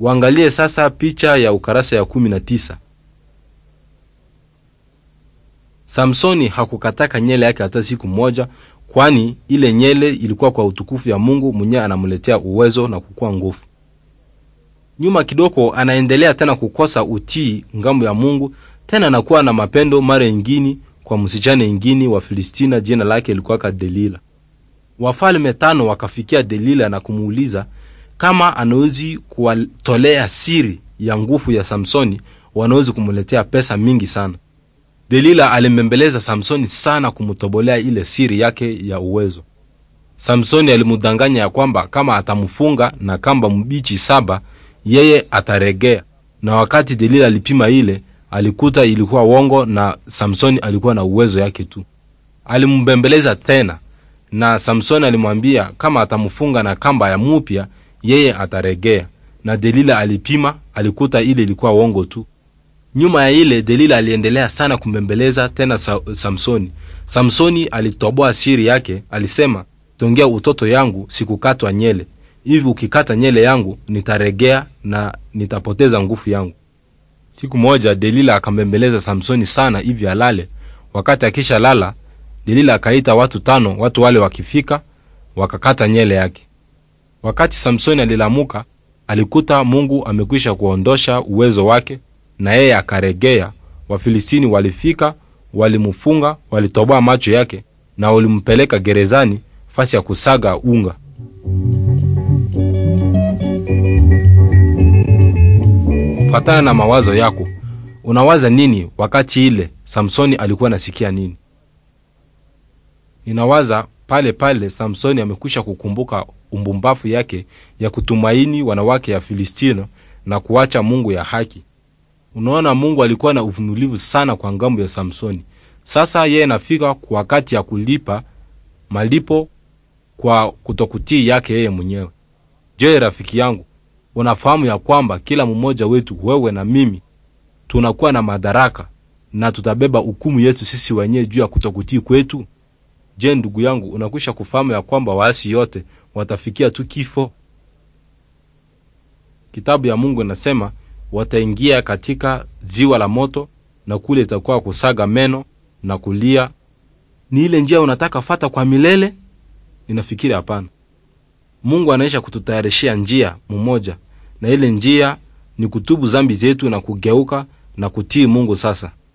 Waangalie sasa picha ya ukarasa ya 19. Samsoni hakukataka nyele yake hata siku moja, kwani ile nyele ilikuwa kwa utukufu ya Mungu mwenyewe anamletea uwezo na kukuwa nguvu. Nyuma kidogo, anaendelea tena kukosa utii ngambo ya Mungu, tena anakuwa na mapendo mara ingini kwa msichana ingini wa Filistina, jina lake ilikuwaka Delila. Wafalme tano wakafikia Delila na kumuuliza kama anawezi kuwatolea siri ya nguvu ya Samsoni, wanawezi kumletea pesa mingi sana. Delila alimbembeleza Samsoni sana kumtobolea ile siri yake ya uwezo. Samsoni alimudanganya ya kwamba kama atamfunga na kamba mbichi saba yeye ataregea, na wakati Delila alipima ile alikuta ilikuwa wongo na Samsoni alikuwa na uwezo yake tu. Alimbembeleza tena na Samsoni alimwambia kama atamfunga na kamba ya mupya yeye ataregea. Na Delila alipima, alikuta ile ilikuwa uongo tu. Nyuma ya ile, Delila aliendelea sana kumbembeleza tena sa Samsoni. Samsoni alitoboa siri yake, alisema, tongea utoto yangu sikukatwa nyele hivi, ukikata nyele yangu nitaregea na nitapoteza nguvu yangu. Siku moja Delila akambembeleza Samsoni sana hivi alale. Wakati akisha lala, Delila akaita watu tano. Watu wale wakifika, wakakata nyele yake. Wakati Samsoni alilamuka, alikuta Mungu amekwisha kuondosha uwezo wake, na yeye akaregea. Wafilistini walifika, walimfunga, walitoboa macho yake na walimpeleka gerezani, fasi ya kusaga unga. Fatana na mawazo yako. Unawaza nini wakati ile Samsoni alikuwa nasikia nini? Ninawaza pale pale Samsoni amekwisha kukumbuka umbumbafu yake ya kutumaini wanawake ya Filistino na kuacha Mungu ya haki. Unaona, Mungu alikuwa na uvumilivu sana kwa ngambo ya Samsoni. Sasa yeye nafika kwa wakati ya kulipa malipo kwa kutokutii yake yeye mwenyewe. Je, rafiki yangu, unafahamu ya kwamba kila mmoja wetu, wewe na mimi, tunakuwa na madaraka na tutabeba hukumu yetu sisi wenyewe juu ya kutokutii kwetu? Je, ndugu yangu, unakwisha kufahamu ya kwamba waasi yote watafikia tu kifo. Kitabu ya Mungu inasema wataingia katika ziwa la moto, na kule itakuwa kusaga meno na kulia. Ni ile njia unataka fata kwa milele? Ninafikiri hapana. Mungu anaisha kututayarishia njia mmoja, na ile njia ni kutubu zambi zetu na kugeuka na kutii Mungu sasa.